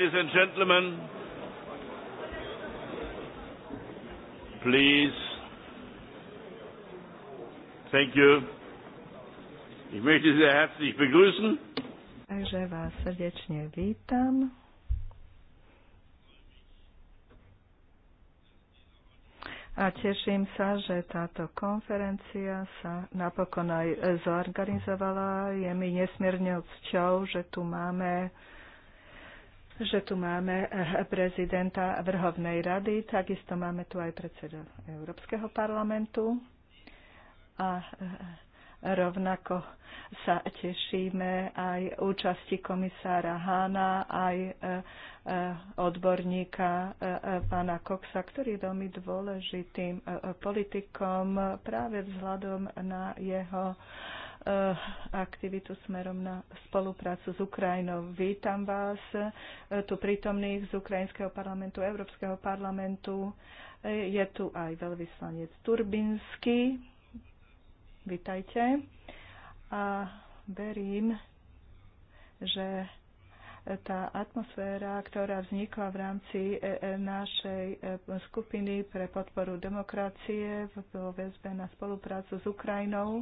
Ladies and gentlemen, please. Thank you. Ich möchte Sie herzlich begrüßen. Takže vás srdečne vítam. A teším sa, že táto konferencia sa napokon aj zorganizovala. Je mi nesmierne cťou, že tu máme že tu máme prezidenta Vrhovnej rady, takisto máme tu aj predseda Európskeho parlamentu a e, rovnako sa tešíme aj účasti komisára Hána, aj e, e, odborníka pána Coxa, ktorý je veľmi dôležitým politikom práve vzhľadom na jeho Eh, aktivitu smerom na spoluprácu s Ukrajinou. Vítam vás eh, tu prítomných z Ukrajinského parlamentu, Európskeho parlamentu. Eh, je tu aj veľvyslanec Turbinsky. Vítajte. A verím, že tá atmosféra, ktorá vznikla v rámci našej skupiny pre podporu demokracie vo väzbe na spoluprácu s Ukrajinou,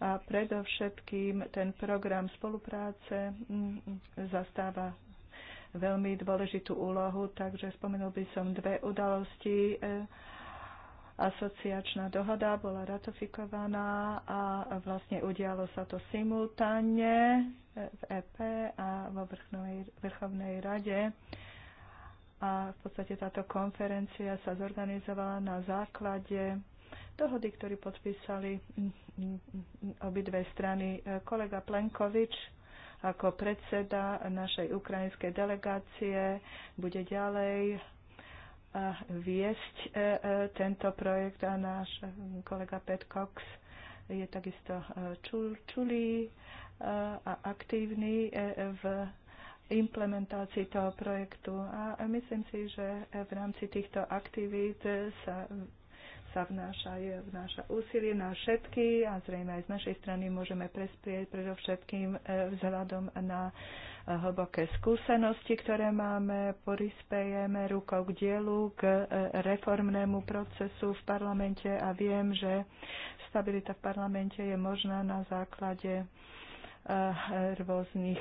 a predovšetkým ten program spolupráce mm, zastáva veľmi dôležitú úlohu, takže spomenul by som dve udalosti. E, asociačná dohoda bola ratifikovaná a vlastne udialo sa to simultánne v EP a vo Vrchnej, Vrchovnej rade. A v podstate táto konferencia sa zorganizovala na základe dohody, ktorý podpísali mm, mm, mm, obidve strany. Kolega Plenkovič ako predseda našej ukrajinskej delegácie bude ďalej eh, viesť eh, eh, tento projekt a náš kolega Pet Cox je takisto čulý a aktívny v implementácii toho projektu a myslím si, že v rámci týchto aktivít sa sa vnáša, je, vnáša úsilie na všetky a zrejme aj z našej strany môžeme prespieť predovšetkým e, vzhľadom na e, hlboké skúsenosti, ktoré máme, porispejeme rukou k dielu, k e, reformnému procesu v parlamente a viem, že stabilita v parlamente je možná na základe rôznych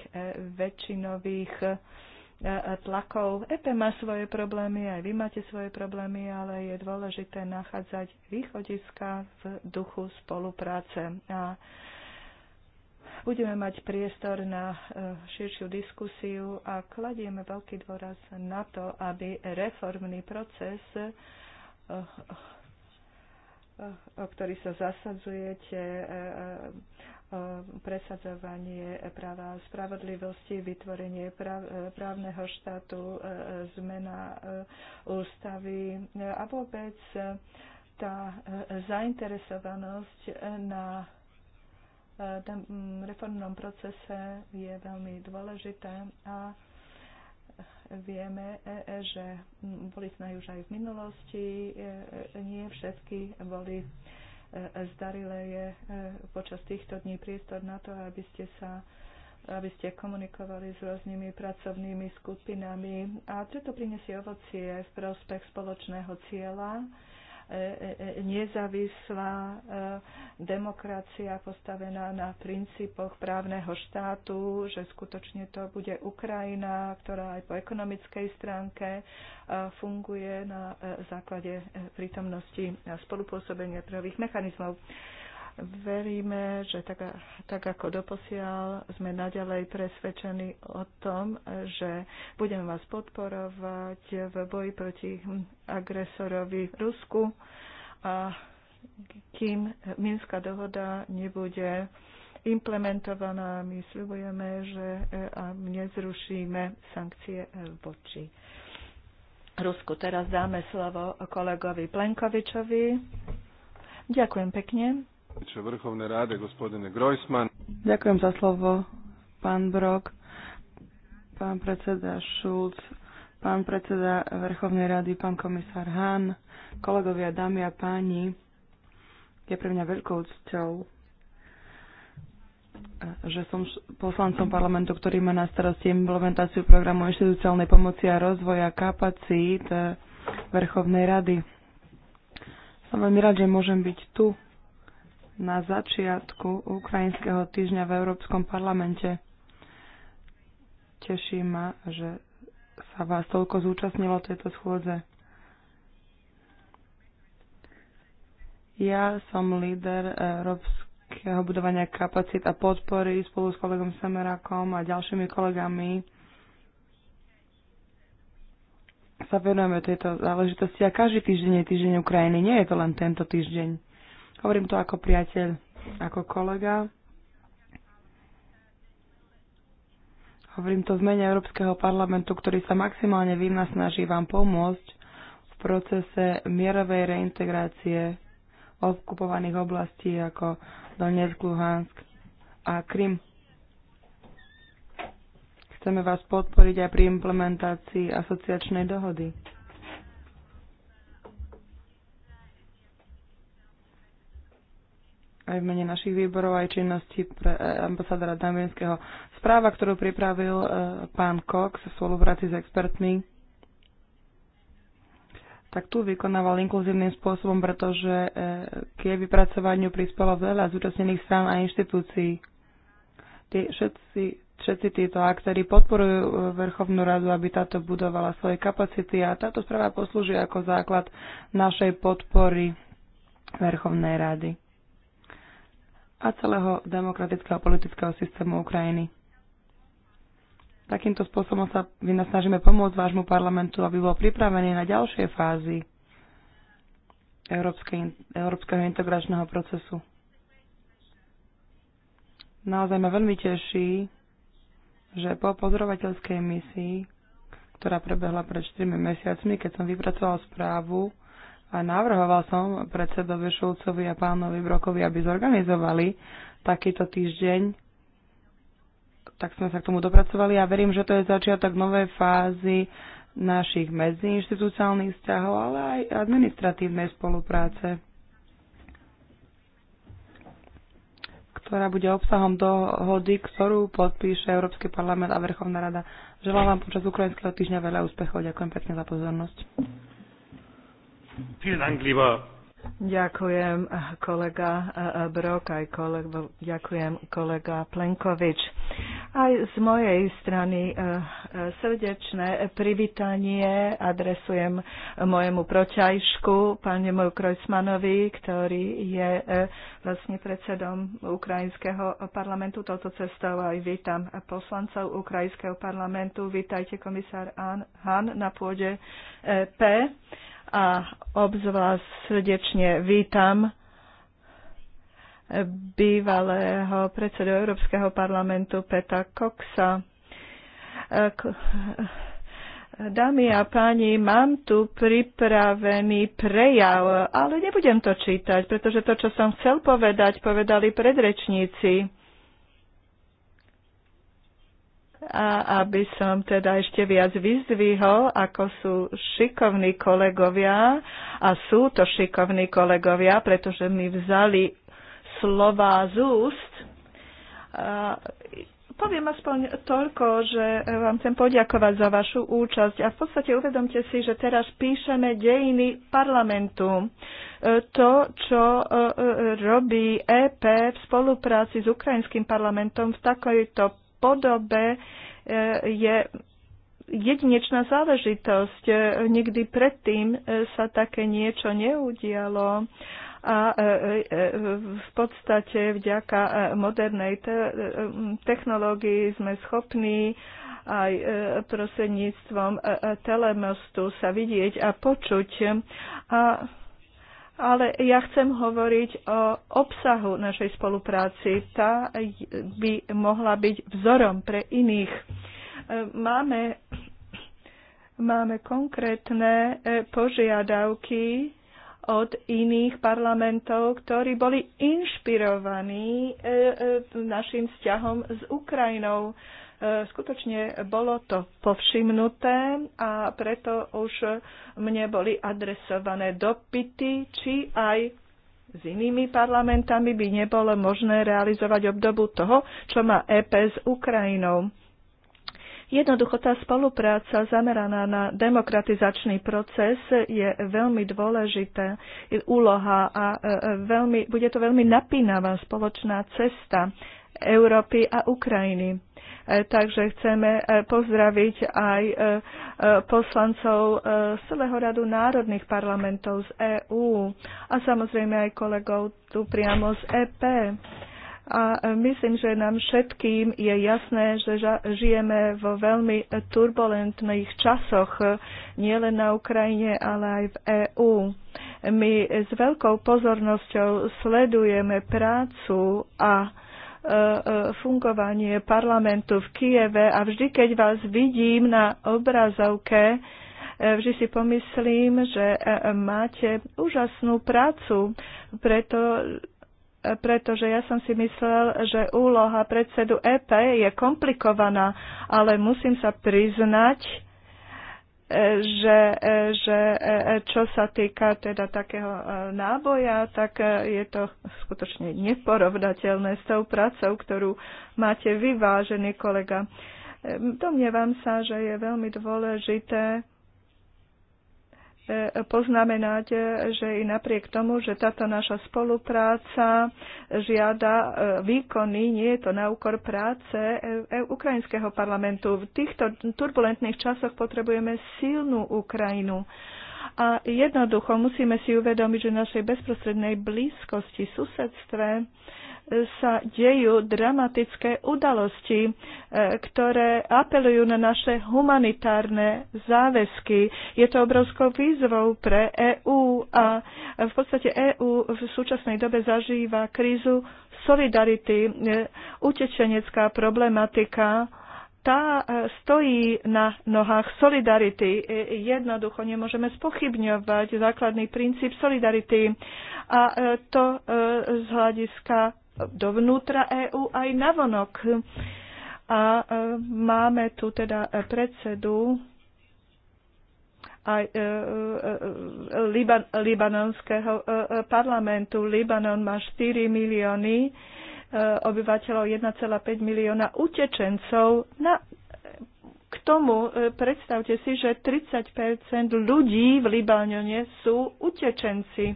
väčšinových tlakov. EP má svoje problémy, aj vy máte svoje problémy, ale je dôležité nachádzať východiska v duchu spolupráce. A budeme mať priestor na e, širšiu diskusiu a kladieme veľký dôraz na to, aby reformný proces, e, e, o ktorý sa zasadzujete, E, presadzovanie práva spravodlivosti, vytvorenie e, právneho štátu, e, zmena ústavy a vôbec tá zainteresovanosť na reformnom procese je veľmi dôležité a vieme, že boli sme už aj v minulosti, nie všetky boli E, zdarile je e, počas týchto dní priestor na to, aby ste sa aby ste komunikovali s rôznymi pracovnými skupinami a to prinesie ovocie v prospech spoločného cieľa E, e, e, nezávislá demokracia postavená na princípoch právneho štátu, že skutočne to bude Ukrajina, ktorá aj po ekonomickej stránke funguje na základe prítomnosti a spolupôsobenia prvých mechanizmov. Veríme, že tak, tak ako doposiaľ sme naďalej presvedčení o tom, že budeme vás podporovať v boji proti agresorovi Rusku a kým Minská dohoda nebude implementovaná, my sľubujeme, že nezrušíme sankcie voči Rusku. Teraz dáme slovo kolegovi Plenkovičovi. Ďakujem pekne. Vrchovnej gospodine Grojsman. Ďakujem za slovo, pán Brok, pán predseda Šulc, pán predseda Vrchovnej rady, pán komisár Hahn, kolegovia, dámy a páni. Je pre mňa veľkou cťou, že som poslancom parlamentu, ktorý má na starosti implementáciu programu inštitúciálnej pomoci a rozvoja kapacít eh, Vrchovnej rady. Som veľmi rád, že môžem byť tu na začiatku Ukrajinského týždňa v Európskom parlamente. Teší ma, že sa vás toľko zúčastnilo tejto schôdze. Ja som líder eh, európskeho budovania kapacít a podpory spolu s kolegom Semerakom a ďalšími kolegami sa venujeme tejto záležitosti a každý týždeň je týždeň Ukrajiny. Nie je to len tento týždeň. Hovorím to ako priateľ, ako kolega. Hovorím to v mene Európskeho parlamentu, ktorý sa maximálne snaží vám pomôcť v procese mierovej reintegrácie okupovaných oblastí ako Donetsk, Luhansk a Krym. Chceme vás podporiť aj pri implementácii asociačnej dohody. aj v mene našich výborov, aj činnosti pre e, ambasádora Damienského. Správa, ktorú pripravil e, pán Cox v spolupráci s expertmi, tak tu vykonával inkluzívnym spôsobom, pretože e, k jej vypracovaniu prispelo veľa zúčastnených strán a inštitúcií. Tí, všetci, všetci títo aktéry podporujú Verchovnú radu, aby táto budovala svoje kapacity a táto správa poslúži ako základ našej podpory Verchovnej rady a celého demokratického politického systému Ukrajiny. Takýmto spôsobom sa vynasnažíme pomôcť vášmu parlamentu, aby bol pripravený na ďalšie fázy európskeho integračného procesu. Naozaj ma veľmi teší, že po pozorovateľskej misii, ktorá prebehla pred 4 mesiacmi, keď som vypracoval správu a navrhoval som predsedovi Šulcovi a pánovi Brokovi, aby zorganizovali takýto týždeň. Tak sme sa k tomu dopracovali a verím, že to je začiatok novej fázy našich medziinstitucionálnych vzťahov, ale aj administratívnej spolupráce, ktorá bude obsahom dohody, ktorú podpíše Európsky parlament a Vrchovná rada. Želám vám počas ukrajinského týždňa veľa úspechov. Ďakujem pekne za pozornosť. Ďakujem kolega eh, eh, Brok, aj kolega, ďakujem kolega Plenkovič. Aj z mojej strany eh, srdečné privítanie adresujem mojemu proťažku, pánemu Krojsmanovi, ktorý je vlastne predsedom Ukrajinského parlamentu. Toto cestou aj vítam poslancov Ukrajinského parlamentu. Vítajte komisár Han na pôde P a obzvlášť srdečne vítam bývalého predsedu Európskeho parlamentu Peta Coxa. E, dámy a páni, mám tu pripravený prejav, ale nebudem to čítať, pretože to, čo som chcel povedať, povedali predrečníci a aby som teda ešte viac vyzdvihol, ako sú šikovní kolegovia a sú to šikovní kolegovia, pretože mi vzali slova z úst. A poviem aspoň toľko, že vám chcem poďakovať za vašu účasť a v podstate uvedomte si, že teraz píšeme dejiny parlamentu. E, to, čo e, e, robí EP v spolupráci s ukrajinským parlamentom v takejto podobe e, je jedinečná záležitosť. E, nikdy predtým e, sa také niečo neudialo a v podstate vďaka modernej technológii sme schopní aj prostredníctvom telemostu sa vidieť a počuť. A ale ja chcem hovoriť o obsahu našej spolupráci. Tá by mohla byť vzorom pre iných. E, máme, máme konkrétne e, požiadavky od iných parlamentov, ktorí boli inšpirovaní e, našim vzťahom s Ukrajinou. E, skutočne bolo to povšimnuté a preto už mne boli adresované dopity, či aj s inými parlamentami by nebolo možné realizovať obdobu toho, čo má EP s Ukrajinou. Jednoducho tá spolupráca zameraná na demokratizačný proces je veľmi dôležitá úloha a e, veľmi, bude to veľmi napínavá spoločná cesta Európy a Ukrajiny. E, takže chceme e, pozdraviť aj e, poslancov z celého radu národných parlamentov z EÚ a samozrejme aj kolegov tu priamo z EP. A myslím, že nám všetkým je jasné, že žijeme vo veľmi turbulentných časoch, nielen na Ukrajine, ale aj v EÚ. My s veľkou pozornosťou sledujeme prácu a E, e, fungovanie parlamentu v Kieve a vždy, keď vás vidím na obrazovke, e, vždy si pomyslím, že máte úžasnú prácu, preto, pretože ja som si myslel, že úloha predsedu EP je komplikovaná, ale musím sa priznať, E, že, e, že e, čo sa týka teda takého náboja, tak je to skutočne neporovnateľné s tou prácou, ktorú máte vy, vážený kolega. Domnievam sa, že je veľmi dôležité poznamenať, e, že i napriek tomu, že táto naša spolupráca žiada e, výkony, nie je to na úkor práce e, ukrajinského parlamentu. V týchto turbulentných časoch potrebujeme silnú Ukrajinu. A jednoducho musíme si uvedomiť, že v našej bezprostrednej blízkosti, susedstve, sa dejú dramatické udalosti, e, ktoré apelujú na naše humanitárne záväzky. Je to obrovskou výzvou pre EÚ a v podstate EÚ v súčasnej dobe zažíva krízu solidarity, e, utečenecká problematika, tá e, stojí na nohách solidarity. Jednoducho nemôžeme spochybňovať základný princíp solidarity a to z hľadiska dovnútra EÚ aj navonok. A e, máme tu teda predsedu aj e, e, e Liban, libanonského e, e, parlamentu. Libanon má 4 milióny e, obyvateľov, 1,5 milióna utečencov. Na, k tomu e, predstavte si, že 30 ľudí v Libanone sú utečenci. E,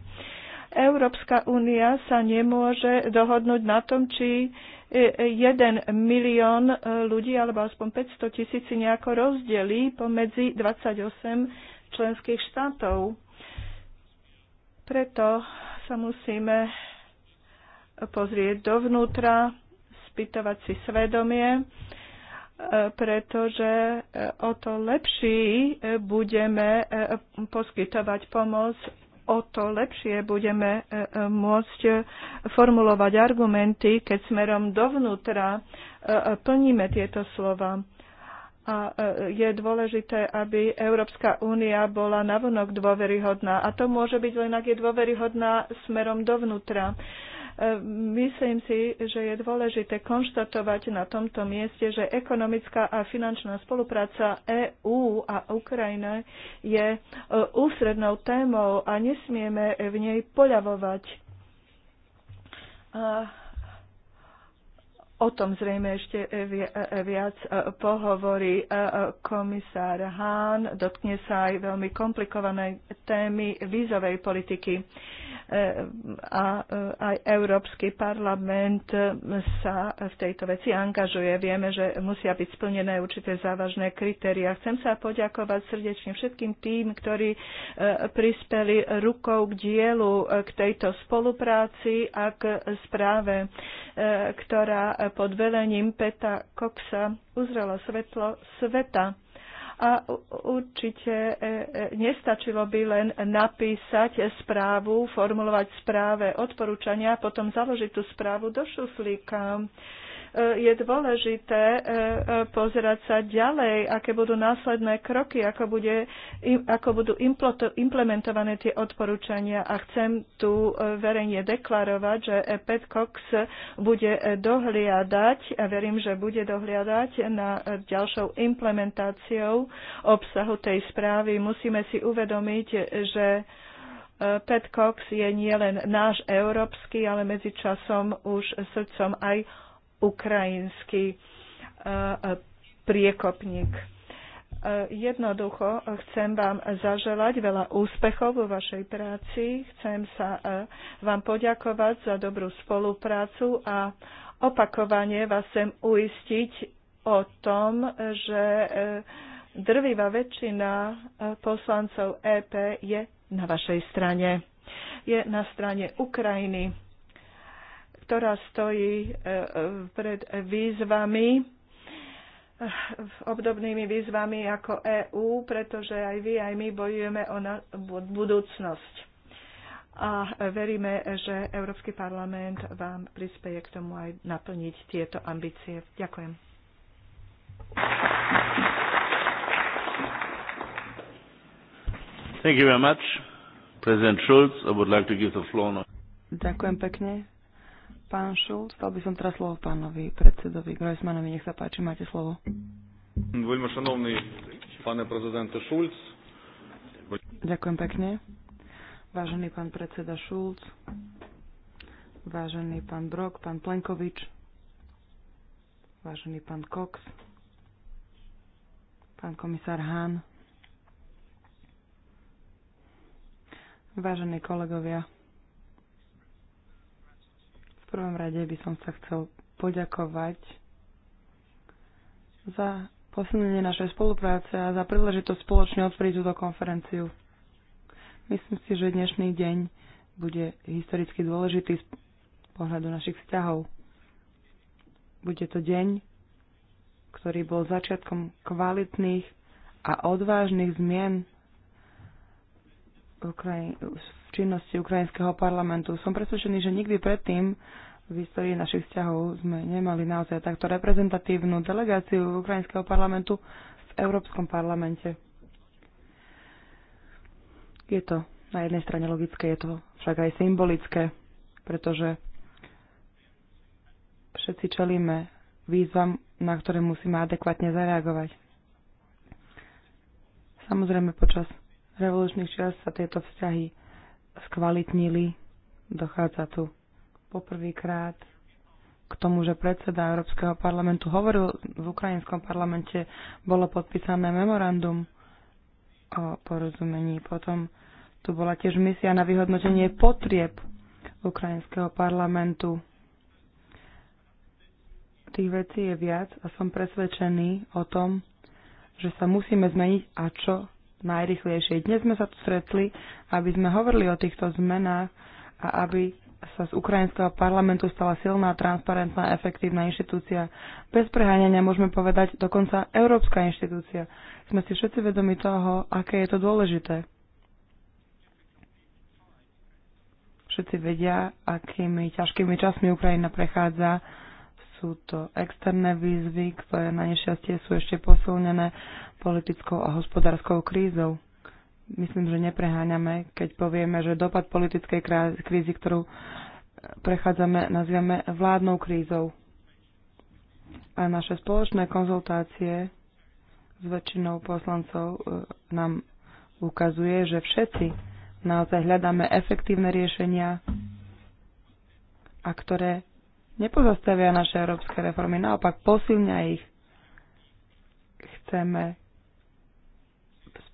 Európska únia sa nemôže dohodnúť na tom, či e, jeden milión e, ľudí, alebo aspoň 500 tisíc nejako rozdelí pomedzi 28 členských štátov. Preto sa musíme pozrieť dovnútra, spýtovať si svedomie, e, pretože o to lepší budeme poskytovať pomoc o to lepšie budeme e, e, môcť e, formulovať argumenty, keď smerom dovnútra plníme tieto slova. A je dôležité, aby Európska únia bola navonok dôveryhodná. A to môže byť len, ak je dôveryhodná smerom dovnútra. E, myslím si, že je dôležité konštatovať na tomto mieste, že ekonomická a finančná spolupráca EÚ a Ukrajina je e, ústrednou témou a nesmieme v nej poľavovať. A O tom zrejme ešte e, viac pohovorí komisár Hahn. Dotkne sa aj veľmi komplikovanej témy vízovej politiky a aj Európsky parlament sa v tejto veci angažuje. Vieme, že musia byť splnené určité závažné kritéria. Chcem sa poďakovať srdečne všetkým tým, ktorí e, prispeli rukou k dielu e, k tejto spolupráci a k správe, e, ktorá pod velením Peta Coxa uzrela svetlo sveta. A určite e, e, nestačilo by len napísať správu, formulovať správe odporúčania, a potom založiť tú správu do šuflíka je dôležité e, e, pozerať sa ďalej, aké budú následné kroky, ako, bude, ako budú implementované tie odporúčania. A chcem tu e, verejne deklarovať, že Pet Cox bude dohliadať, a verím, že bude dohliadať na ďalšou implementáciou obsahu tej správy. Musíme si uvedomiť, že Pet Cox je nielen náš európsky, ale medzi časom už srdcom aj ukrajinský e, e, priekopník. E, jednoducho chcem vám zaželať veľa úspechov vo vašej práci. Chcem sa vám poďakovať za dobrú spoluprácu a opakovane vás chcem uistiť o tom, že drvivá väčšina poslancov EP je na vašej strane. Je na strane Ukrajiny ktorá stojí e, e, pred výzvami, obdobnými výzvami ako EÚ, pretože aj vy, aj my bojujeme o budúcnosť. A veríme, že Európsky parlament vám prispieje k tomu aj naplniť tieto ambície. Ďakujem. Thank you very much. President Schulz, I would like to give the floor now. Ďakujem pekne. Pán Šulc, dal by som teraz slovo pánovi predsedovi Grojsmanovi. Nech sa páči, máte slovo. Veľmi šanovný pane prezidente Šulc. Ďakujem pekne. Vážený pán predseda Šulc, vážený pán Brok, pán Plenkovič, vážený pán Cox, pán komisár Hahn, vážení kolegovia, prvom rade by som sa chcel poďakovať za posunenie našej spolupráce a za príležitosť spoločne otvoriť túto konferenciu. Myslím si, že dnešný deň bude historicky dôležitý z pohľadu našich vzťahov. Bude to deň, ktorý bol začiatkom kvalitných a odvážnych zmien v činnosti ukrajinského parlamentu. Som presvedčený, že nikdy predtým v histórii našich vzťahov sme nemali naozaj takto reprezentatívnu delegáciu ukrajinského parlamentu v Európskom parlamente. Je to na jednej strane logické, je to však aj symbolické, pretože všetci čelíme výzvam, na ktoré musíme adekvátne zareagovať. Samozrejme, počas revolučných čias sa tieto vzťahy skvalitnili. Dochádza tu poprvýkrát k tomu, že predseda Európskeho parlamentu hovoril v ukrajinskom parlamente, bolo podpísané memorandum o porozumení. Potom tu bola tiež misia na vyhodnotenie potrieb ukrajinského parlamentu. Tých vecí je viac a som presvedčený o tom, že sa musíme zmeniť a čo najrychlejšie. Dnes sme sa tu stretli, aby sme hovorili o týchto zmenách a aby sa z ukrajinského parlamentu stala silná, transparentná, efektívna inštitúcia. Bez preháňania môžeme povedať dokonca európska inštitúcia. Sme si všetci vedomi toho, aké je to dôležité. Všetci vedia, akými ťažkými časmi Ukrajina prechádza sú to externé výzvy, ktoré na nešťastie sú ešte posilnené politickou a hospodárskou krízou. Myslím, že nepreháňame, keď povieme, že dopad politickej krízy, ktorú e, prechádzame, nazývame vládnou krízou. A naše spoločné konzultácie s väčšinou poslancov e, nám ukazuje, že všetci naozaj hľadáme efektívne riešenia a ktoré nepozastavia naše európske reformy, naopak posilňa ich. Chceme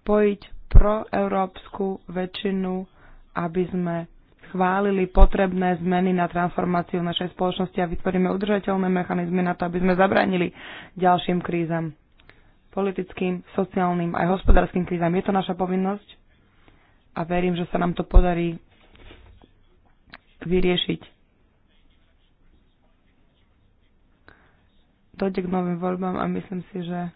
spojiť proeurópsku väčšinu, aby sme schválili potrebné zmeny na transformáciu našej spoločnosti a vytvoríme udržateľné mechanizmy na to, aby sme zabránili ďalším krízam. Politickým, sociálnym aj hospodárskym krízam. Je to naša povinnosť a verím, že sa nám to podarí vyriešiť dojde k novým voľbám a myslím si, že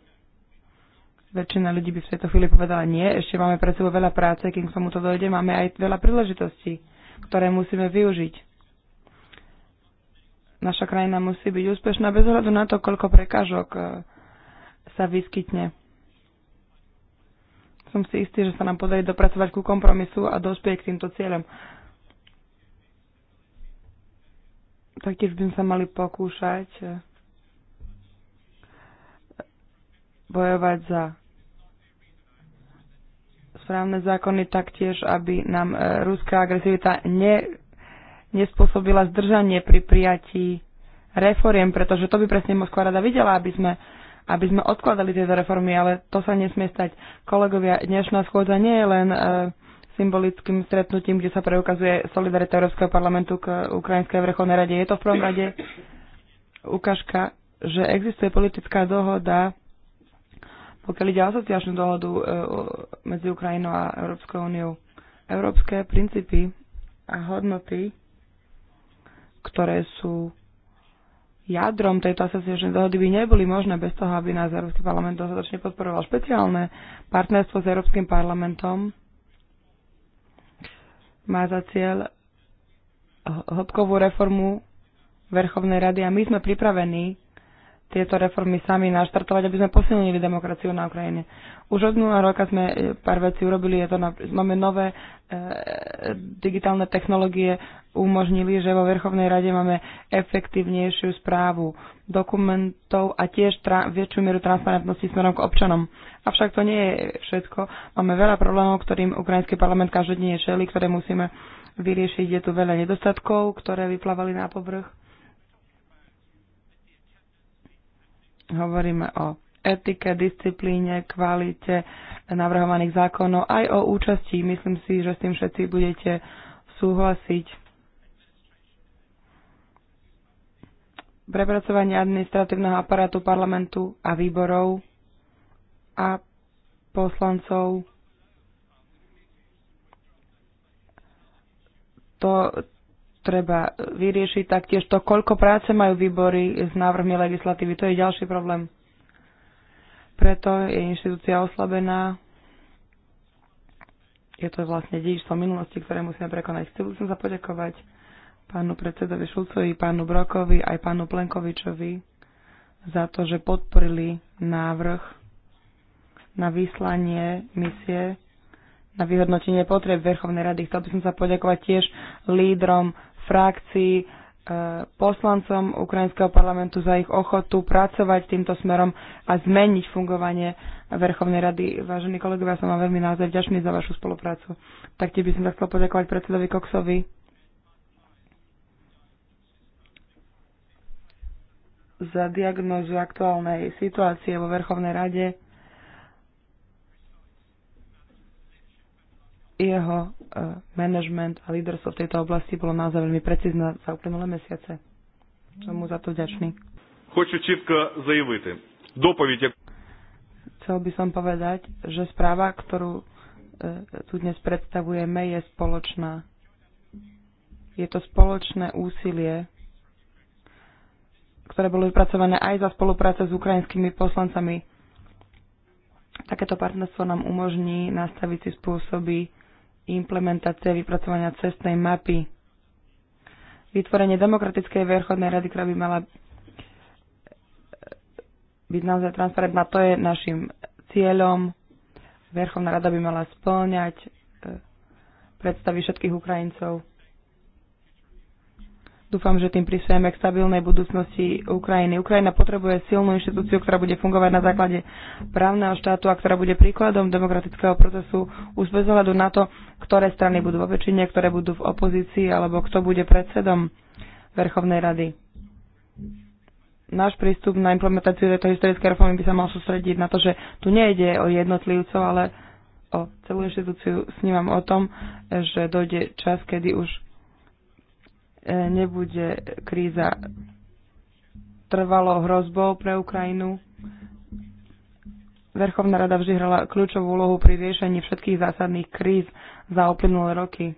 väčšina ľudí by v tejto chvíli povedala nie, ešte máme pred sebou veľa práce, kým k tomuto dojde, máme aj veľa príležitostí, ktoré musíme využiť. Naša krajina musí byť úspešná bez ohľadu na to, koľko prekážok e, sa vyskytne. Som si istý, že sa nám podarí dopracovať ku kompromisu a dospieť k týmto cieľom. Taktiež by sme sa mali pokúšať e, bojovať za správne zákony taktiež, aby nám e, ruská agresivita ne, nespôsobila zdržanie pri prijatí reforiem, pretože to by presne Moskva rada videla, aby sme, aby sme odkladali tieto reformy, ale to sa nesmie stať. Kolegovia, dnešná schôdza nie je len e, symbolickým stretnutím, kde sa preukazuje solidarita Európskeho parlamentu k Ukrajinskej vrchovnej rade. Je to v prvom rade ukážka, že existuje politická dohoda pokiaľ ide o asociačnú dohodu e, medzi Ukrajinou a Európskou úniou. Európske princípy a hodnoty, ktoré sú jadrom tejto asociačnej dohody by neboli možné bez toho, aby nás Európsky parlament dostatočne podporoval. Špeciálne partnerstvo s Európskym parlamentom má za cieľ hĺbkovú reformu Verchovnej rady a my sme pripravení tieto reformy sami naštartovať, aby sme posilnili demokraciu na Ukrajine. Už od minulého roka sme e, pár vecí urobili, je to na, máme nové e, digitálne technológie, umožnili, že vo Verchovnej rade máme efektívnejšiu správu dokumentov a tiež tra, väčšiu mieru transparentnosti smerom k občanom. Avšak to nie je všetko. Máme veľa problémov, ktorým ukrajinský parlament každodenne čeli, ktoré musíme vyriešiť. Je tu veľa nedostatkov, ktoré vyplávali na povrch Hovoríme o etike, disciplíne, kvalite navrhovaných zákonov, aj o účasti. Myslím si, že s tým všetci budete súhlasiť. Prepracovanie administratívneho aparátu parlamentu a výborov a poslancov. To, treba vyriešiť taktiež to, koľko práce majú výbory s návrhmi legislatívy. To je ďalší problém. Preto je inštitúcia oslabená. Je to vlastne dedičstvo minulosti, ktoré musíme prekonať. Chcel som sa poďakovať pánu predsedovi Šulcovi, pánu Brokovi aj pánu Plenkovičovi za to, že podporili návrh na vyslanie misie na vyhodnotenie potreb Verchovnej rady. Chcel by som sa poďakovať tiež lídrom frakcii e, poslancom Ukrajinského parlamentu za ich ochotu pracovať týmto smerom a zmeniť fungovanie Verchovnej rady. Vážení kolegovia, som vám veľmi naozaj vďačný za vašu spoluprácu. ti by som sa chcel poďakovať predsedovi Koksovi. za diagnózu aktuálnej situácie vo Verchovnej rade jeho e, management a líderstvo v tejto oblasti bolo naozaj veľmi precízne za uplynulé mesiace. Som mu za to vďačný. Хочу Chcel by som povedať, že správa, ktorú e, tu dnes predstavujeme, je spoločná. Je to spoločné úsilie, ktoré bolo vypracované aj za spolupráce s ukrajinskými poslancami. Takéto partnerstvo nám umožní nastaviť si spôsoby, implementácia vypracovania cestnej mapy. Vytvorenie demokratickej verchodnej rady, ktorá by mala byť naozaj transparentná, to je našim cieľom. Verchovná rada by mala spĺňať eh, predstavy všetkých Ukrajincov. Dúfam, že tým prispiejeme k stabilnej budúcnosti Ukrajiny. Ukrajina potrebuje silnú inštitúciu, ktorá bude fungovať na základe právneho štátu a ktorá bude príkladom demokratického procesu už bez ohľadu na to, ktoré strany budú vo väčšine, ktoré budú v opozícii alebo kto bude predsedom Verchovnej rady. Náš prístup na implementáciu tejto historické reformy by sa mal sústrediť na to, že tu nejde o jednotlivcov, ale o celú inštitúciu snímam o tom, že dojde čas, kedy už E, nebude kríza trvalo hrozbou pre Ukrajinu. Verchovná rada vždy hrala kľúčovú úlohu pri riešení všetkých zásadných kríz za uplynulé roky.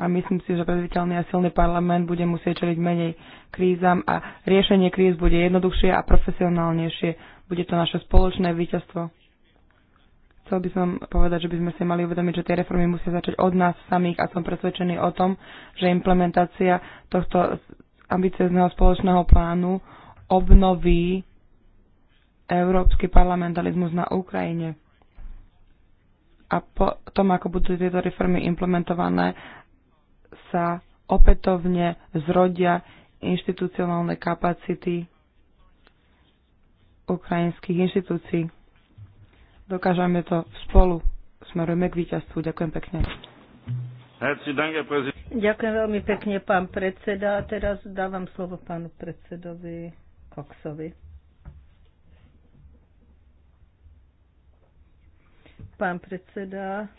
A myslím si, že predviteľný a silný parlament bude musieť čeliť menej krízam a riešenie kríz bude jednoduchšie a profesionálnejšie. Bude to naše spoločné víťazstvo. Chcel by som povedať, že by sme si mali uvedomiť, že tie reformy musia začať od nás samých a som presvedčený o tom, že implementácia tohto ambiciozného spoločného plánu obnoví európsky parlamentalizmus na Ukrajine. A po tom, ako budú tieto reformy implementované, sa opätovne zrodia inštitucionálne kapacity ukrajinských inštitúcií dokážeme to spolu. Smerujeme k víťazstvu. Ďakujem pekne. Ďakujem veľmi pekne, pán predseda. A teraz dávam slovo pánu predsedovi Koksovi. Pán predseda,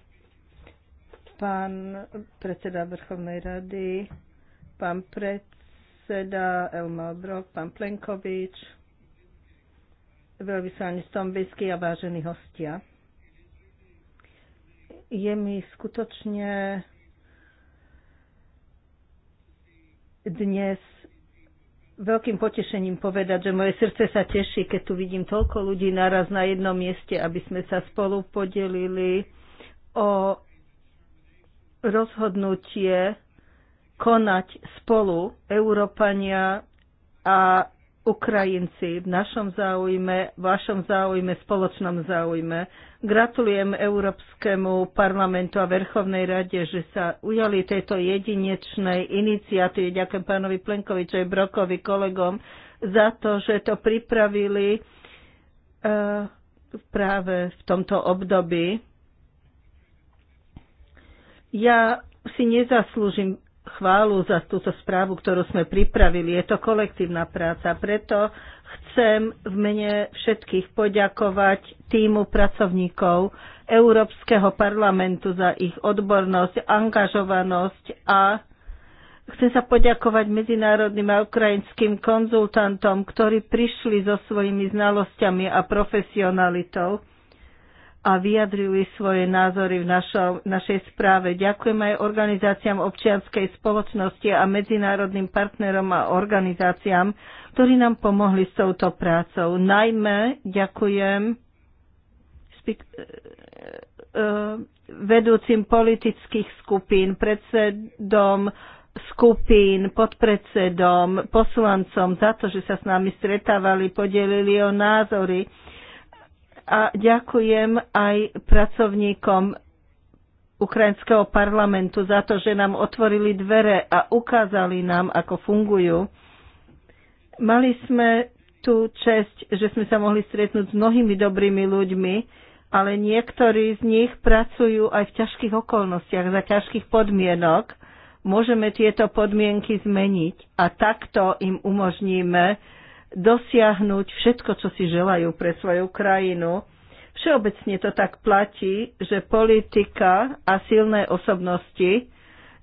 pán predseda Vrchovnej rady, pán predseda Elmar Brok, pán Plenkovič, veľvyslanec Tombisky a vážení hostia. Je mi skutočne dnes veľkým potešením povedať, že moje srdce sa teší, keď tu vidím toľko ľudí naraz na jednom mieste, aby sme sa spolu podelili o rozhodnutie konať spolu Európania a Ukrajinci v našom záujme, v vašom záujme, spoločnom záujme. Gratulujem Európskemu parlamentu a Verchovnej rade, že sa ujali tejto jedinečnej iniciatívy. Ďakujem pánovi Plenkovičovi, Brokovi, kolegom za to, že to pripravili eh, práve v tomto období. Ja si nezaslúžim chválu za túto správu, ktorú sme pripravili. Je to kolektívna práca, preto chcem v mene všetkých poďakovať týmu pracovníkov Európskeho parlamentu za ich odbornosť, angažovanosť a chcem sa poďakovať medzinárodným a ukrajinským konzultantom, ktorí prišli so svojimi znalosťami a profesionalitou a vyjadrili svoje názory v našo, našej správe. Ďakujem aj organizáciám občianskej spoločnosti a medzinárodným partnerom a organizáciám, ktorí nám pomohli s touto prácou. Najmä ďakujem spik- e, e, vedúcim politických skupín, predsedom skupín, podpredsedom, poslancom za to, že sa s nami stretávali, podelili o názory a ďakujem aj pracovníkom ukrajinského parlamentu za to, že nám otvorili dvere a ukázali nám, ako fungujú. Mali sme tú čest, že sme sa mohli stretnúť s mnohými dobrými ľuďmi, ale niektorí z nich pracujú aj v ťažkých okolnostiach, za ťažkých podmienok. Môžeme tieto podmienky zmeniť a takto im umožníme dosiahnuť všetko, čo si želajú pre svoju krajinu. Všeobecne to tak platí, že politika a silné osobnosti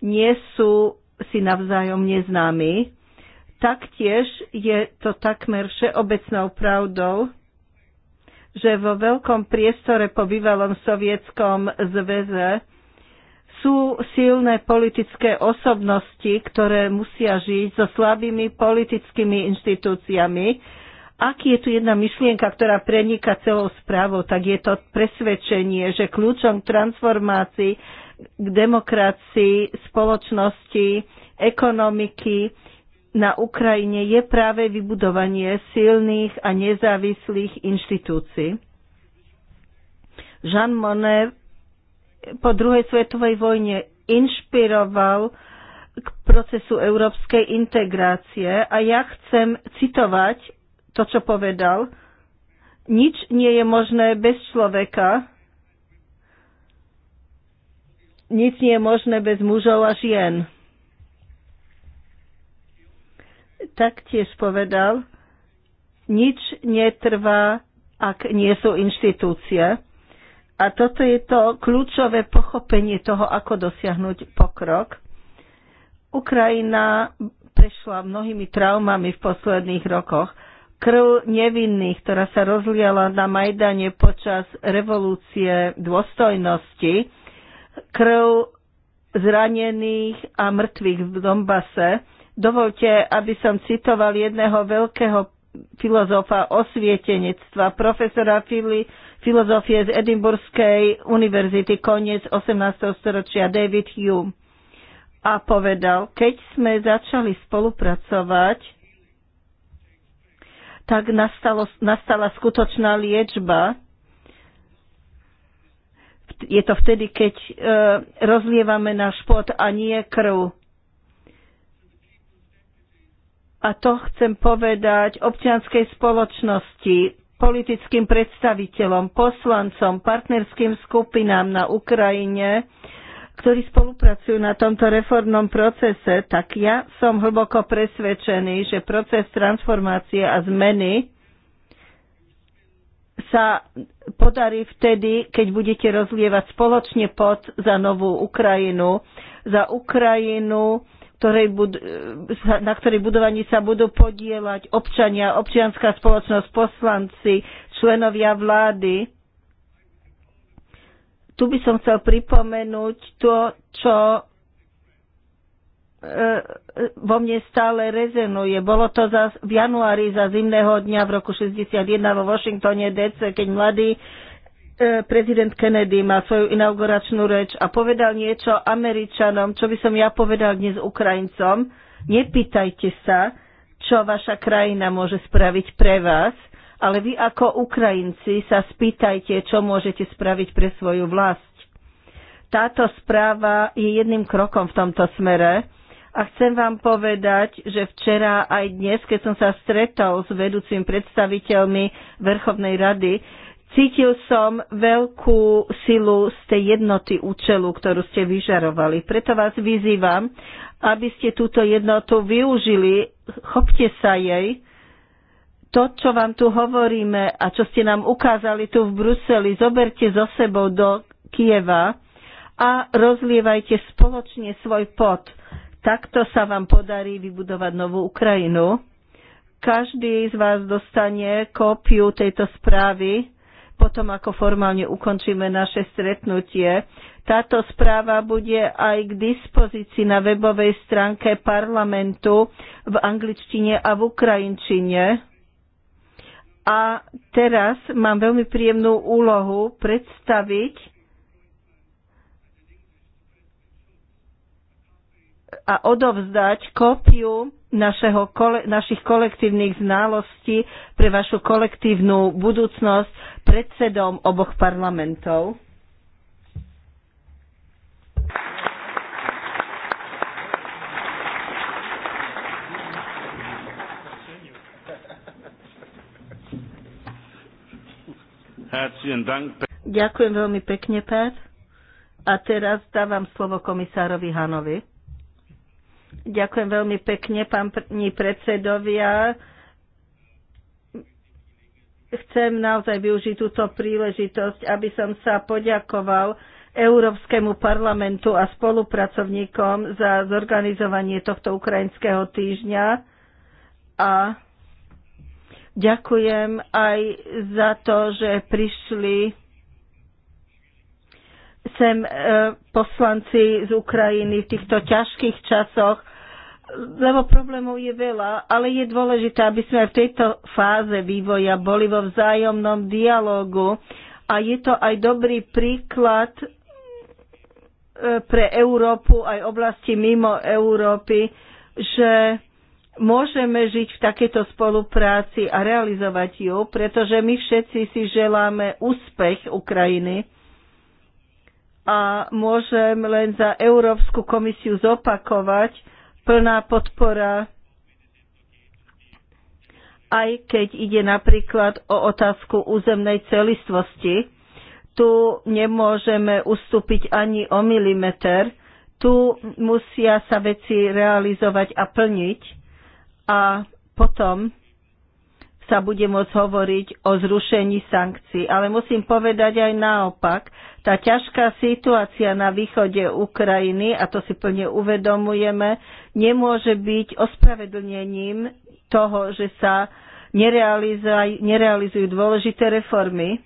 nie sú si navzájom neznámi. Taktiež je to takmer všeobecnou pravdou, že vo veľkom priestore po bývalom sovietskom zväze sú silné politické osobnosti, ktoré musia žiť so slabými politickými inštitúciami. Ak je tu jedna myšlienka, ktorá prenika celou správou, tak je to presvedčenie, že kľúčom k transformácii, k demokracii, spoločnosti, ekonomiky na Ukrajine je práve vybudovanie silných a nezávislých inštitúcií. Jean Monnet po druhej svetovej vojne inšpiroval k procesu európskej integrácie a ja chcem citovať to, čo povedal. Nič nie je možné bez človeka, nič nie je možné bez mužov a žien. tiež povedal, nič netrvá, ak nie sú inštitúcie. A toto je to kľúčové pochopenie toho, ako dosiahnuť pokrok. Ukrajina prešla mnohými traumami v posledných rokoch. Krv nevinných, ktorá sa rozliala na Majdane počas revolúcie dôstojnosti, krv zranených a mŕtvych v Dombase. Dovolte, aby som citoval jedného veľkého filozofa osvietenectva, profesora Filipa filozofie z Edimburskej univerzity koniec 18. storočia David Hume a povedal, keď sme začali spolupracovať, tak nastalo, nastala skutočná liečba. Je to vtedy, keď e, rozlievame náš pot a nie krv. A to chcem povedať občianskej spoločnosti, politickým predstaviteľom, poslancom, partnerským skupinám na Ukrajine, ktorí spolupracujú na tomto reformnom procese, tak ja som hlboko presvedčený, že proces transformácie a zmeny sa podarí vtedy, keď budete rozlievať spoločne pod za novú Ukrajinu, za Ukrajinu, ktorej bud- na ktorej budovaní sa budú podielať občania, občianská spoločnosť, poslanci, členovia vlády. Tu by som chcel pripomenúť to, čo e, e, vo mne stále rezonuje. Bolo to za, v januári za zimného dňa v roku 61 vo Washingtone DC, keď mladý. E, prezident Kennedy má svoju inauguračnú reč a povedal niečo Američanom, čo by som ja povedal dnes Ukrajincom. Nepýtajte sa, čo vaša krajina môže spraviť pre vás, ale vy ako Ukrajinci sa spýtajte, čo môžete spraviť pre svoju vlast. Táto správa je jedným krokom v tomto smere a chcem vám povedať, že včera aj dnes, keď som sa stretol s vedúcim predstaviteľmi Vrchovnej rady, Cítil som veľkú silu z tej jednoty účelu, ktorú ste vyžarovali. Preto vás vyzývam, aby ste túto jednotu využili, chopte sa jej. To, čo vám tu hovoríme a čo ste nám ukázali tu v Bruseli, zoberte so sebou do Kieva a rozlievajte spoločne svoj pot. Takto sa vám podarí vybudovať novú Ukrajinu každý z vás dostane kópiu tejto správy potom ako formálne ukončíme naše stretnutie. Táto správa bude aj k dispozícii na webovej stránke parlamentu v angličtine a v ukrajinčine. A teraz mám veľmi príjemnú úlohu predstaviť a odovzdať kópiu našeho, našich kolektívnych znalostí pre vašu kolektívnu budúcnosť predsedom oboch parlamentov. Ďakujem veľmi pekne, Pat. A teraz dávam slovo komisárovi Hanovi. Ďakujem veľmi pekne, pani predsedovia. Chcem naozaj využiť túto príležitosť, aby som sa poďakoval Európskemu parlamentu a spolupracovníkom za zorganizovanie tohto ukrajinského týždňa a ďakujem aj za to, že prišli sem e, poslanci z Ukrajiny v týchto ťažkých časoch, lebo problémov je veľa, ale je dôležité, aby sme aj v tejto fáze vývoja boli vo vzájomnom dialogu a je to aj dobrý príklad e, pre Európu, aj oblasti mimo Európy, že môžeme žiť v takejto spolupráci a realizovať ju, pretože my všetci si želáme úspech Ukrajiny a môžem len za Európsku komisiu zopakovať plná podpora, aj keď ide napríklad o otázku územnej celistvosti. Tu nemôžeme ustúpiť ani o milimeter. Tu musia sa veci realizovať a plniť. A potom sa bude môcť hovoriť o zrušení sankcií. Ale musím povedať aj naopak, tá ťažká situácia na východe Ukrajiny, a to si plne uvedomujeme, nemôže byť ospravedlnením toho, že sa nerealizujú dôležité reformy,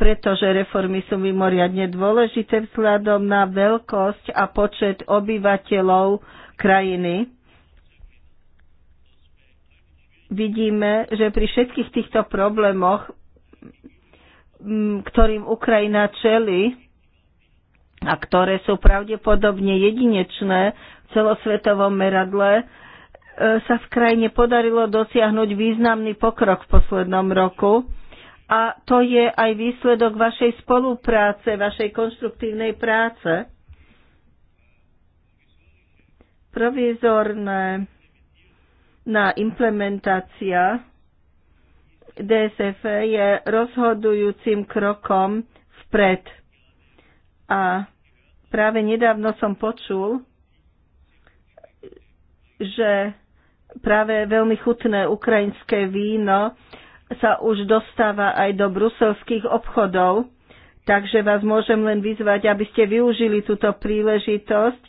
pretože reformy sú mimoriadne dôležité vzhľadom na veľkosť a počet obyvateľov krajiny vidíme, že pri všetkých týchto problémoch, ktorým Ukrajina čeli a ktoré sú pravdepodobne jedinečné v celosvetovom meradle, e, sa v krajine podarilo dosiahnuť významný pokrok v poslednom roku. A to je aj výsledok vašej spolupráce, vašej konštruktívnej práce. Provizorné na implementácia DSF je rozhodujúcim krokom vpred. A práve nedávno som počul, že práve veľmi chutné ukrajinské víno sa už dostáva aj do bruselských obchodov, takže vás môžem len vyzvať, aby ste využili túto príležitosť.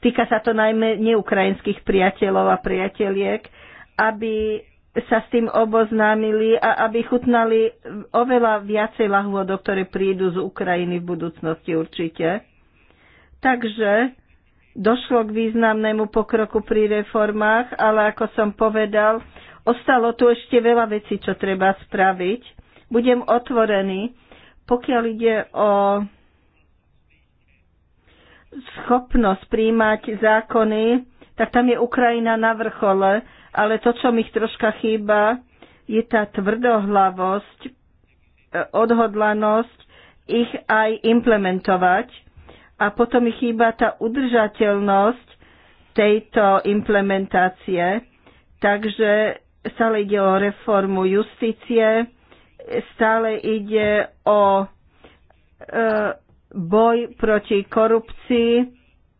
Týka sa to najmä neukrajinských priateľov a priateliek, aby sa s tým oboznámili a aby chutnali oveľa viacej lahôdok, ktoré prídu z Ukrajiny v budúcnosti určite. Takže došlo k významnému pokroku pri reformách, ale ako som povedal, ostalo tu ešte veľa vecí, čo treba spraviť. Budem otvorený, pokiaľ ide o schopnosť príjmať zákony, tak tam je Ukrajina na vrchole ale to, čo mi troška chýba, je tá tvrdohlavosť, e, odhodlanosť ich aj implementovať. A potom mi chýba tá udržateľnosť tejto implementácie. Takže stále ide o reformu justície, stále ide o e, boj proti korupcii,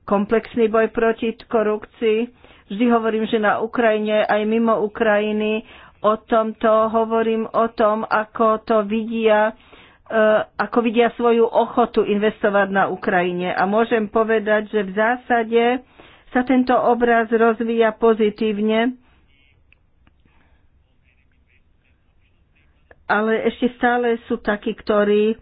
komplexný boj proti korupcii Vždy hovorím, že na Ukrajine aj mimo Ukrajiny o tomto hovorím o tom, ako to vidia e, ako vidia svoju ochotu investovať na Ukrajine. A môžem povedať, že v zásade sa tento obraz rozvíja pozitívne, ale ešte stále sú takí, ktorí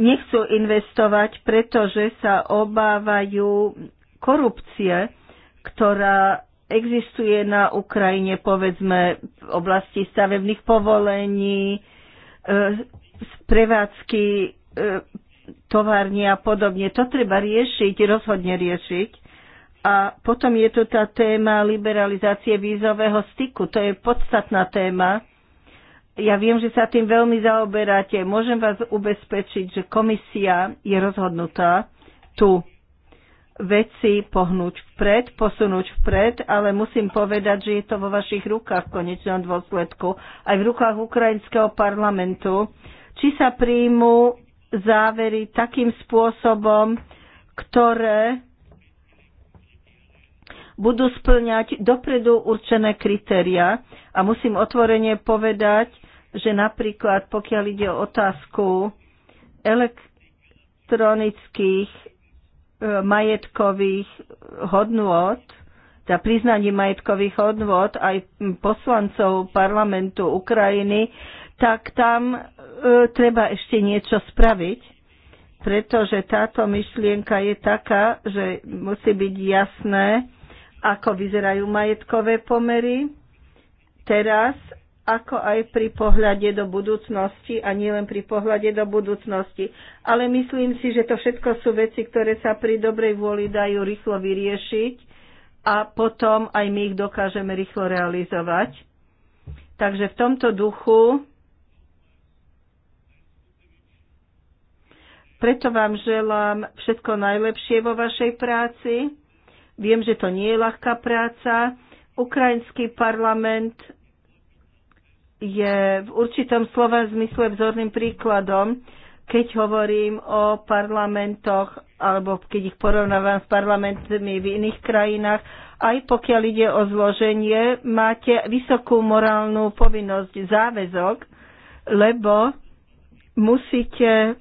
nechcú investovať, pretože sa obávajú korupcie ktorá existuje na Ukrajine, povedzme, v oblasti stavebných povolení, e, prevádzky e, továrne a podobne. To treba riešiť, rozhodne riešiť. A potom je tu tá téma liberalizácie vízového styku. To je podstatná téma. Ja viem, že sa tým veľmi zaoberáte. Môžem vás ubezpečiť, že komisia je rozhodnutá tu veci pohnúť vpred, posunúť vpred, ale musím povedať, že je to vo vašich rukách v konečnom dôsledku, aj v rukách ukrajinského parlamentu, či sa príjmu závery takým spôsobom, ktoré budú splňať dopredu určené kritéria. A musím otvorene povedať, že napríklad pokiaľ ide o otázku elektronických majetkových hodnôt, za priznanie majetkových hodnôt aj poslancov parlamentu Ukrajiny, tak tam e, treba ešte niečo spraviť, pretože táto myšlienka je taká, že musí byť jasné, ako vyzerajú majetkové pomery teraz ako aj pri pohľade do budúcnosti a nielen pri pohľade do budúcnosti. Ale myslím si, že to všetko sú veci, ktoré sa pri dobrej vôli dajú rýchlo vyriešiť a potom aj my ich dokážeme rýchlo realizovať. Takže v tomto duchu preto vám želám všetko najlepšie vo vašej práci. Viem, že to nie je ľahká práca. Ukrajinský parlament je v určitom slova zmysle vzorným príkladom, keď hovorím o parlamentoch alebo keď ich porovnávam s parlamentmi v iných krajinách, aj pokiaľ ide o zloženie, máte vysokú morálnu povinnosť, záväzok, lebo musíte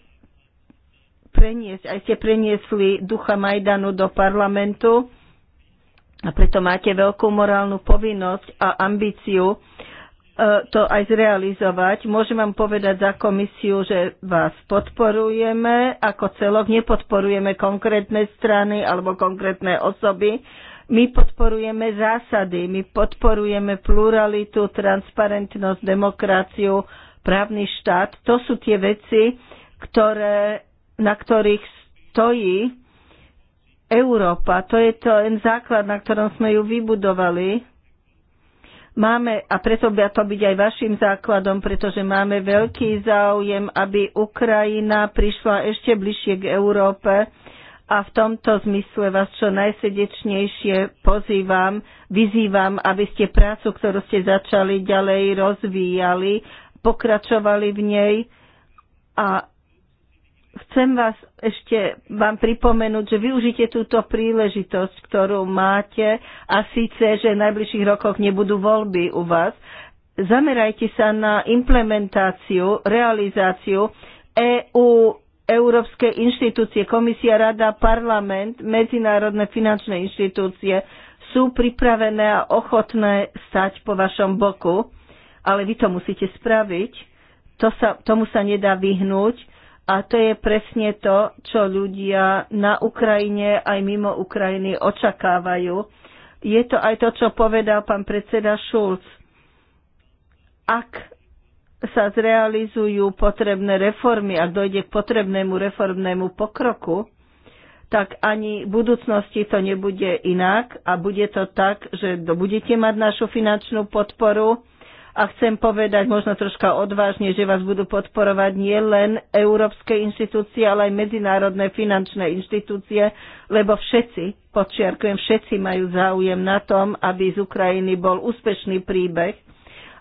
preniesť, aj ste preniesli ducha Majdanu do parlamentu a preto máte veľkú morálnu povinnosť a ambíciu E, to aj zrealizovať. Môžem vám povedať za komisiu, že vás podporujeme ako celok, nepodporujeme konkrétne strany alebo konkrétne osoby. My podporujeme zásady, my podporujeme pluralitu, transparentnosť, demokraciu, právny štát. To sú tie veci, ktoré, na ktorých stojí Európa. To je to ten základ, na ktorom sme ju vybudovali Máme, a preto by to byť aj vašim základom, pretože máme veľký záujem, aby Ukrajina prišla ešte bližšie k Európe a v tomto zmysle vás čo najsrdečnejšie pozývam, vyzývam, aby ste prácu, ktorú ste začali, ďalej rozvíjali, pokračovali v nej a chcem vás ešte vám pripomenúť, že využite túto príležitosť, ktorú máte a síce, že v najbližších rokoch nebudú voľby u vás. Zamerajte sa na implementáciu, realizáciu EU, Európske inštitúcie, Komisia, Rada, Parlament, medzinárodné finančné inštitúcie sú pripravené a ochotné stať po vašom boku, ale vy to musíte spraviť. To sa, tomu sa nedá vyhnúť a to je presne to, čo ľudia na Ukrajine aj mimo Ukrajiny očakávajú. Je to aj to, čo povedal pán predseda Šulc. Ak sa zrealizujú potrebné reformy, ak dojde k potrebnému reformnému pokroku, tak ani v budúcnosti to nebude inak a bude to tak, že budete mať našu finančnú podporu a chcem povedať možno troška odvážne, že vás budú podporovať nie len európske inštitúcie, ale aj medzinárodné finančné inštitúcie, lebo všetci, počiarkujem, všetci majú záujem na tom, aby z Ukrajiny bol úspešný príbeh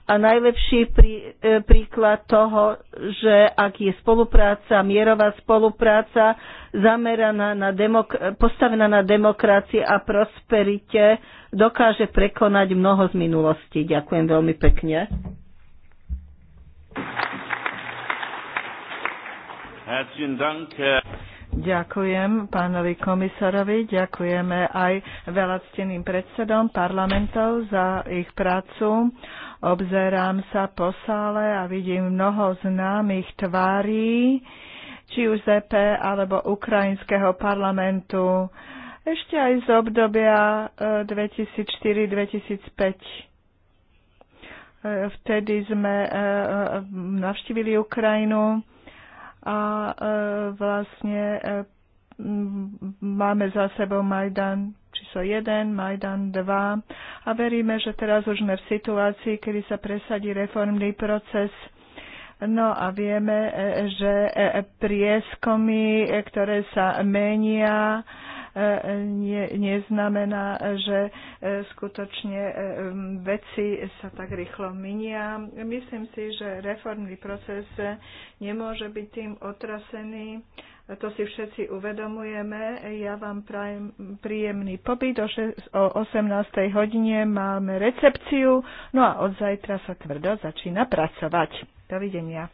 a najlepší prí, e, príklad toho, že ak je spolupráca, mierová spolupráca zameraná na demok- postavená na demokracii a prosperite, dokáže prekonať mnoho z minulosti. Ďakujem veľmi pekne. Ďakujem pánovi komisárovi, ďakujeme aj veľa predsedom parlamentov za ich prácu. Obzerám sa po sále a vidím mnoho známych tvári, či už ZP e alebo ukrajinského parlamentu, ešte aj z obdobia 2004-2005. E, e, vtedy sme navštívili Ukrajinu a vlastne máme za sebou Majdan číslo 1, Majdan 2 a veríme, že teraz už sme v situácii, kedy sa presadí reformný proces No a vieme, že prieskomy, ktoré sa menia, nie, neznamená, že skutočne um, veci sa tak rýchlo minia. Myslím si, že reformný proces nemôže byť tým otrasený, to si všetci uvedomujeme. Ja vám prajem príjemný pobyt. O, 6, o 18. hodine máme recepciu. No a od zajtra sa tvrdo začína pracovať. Dovidenia.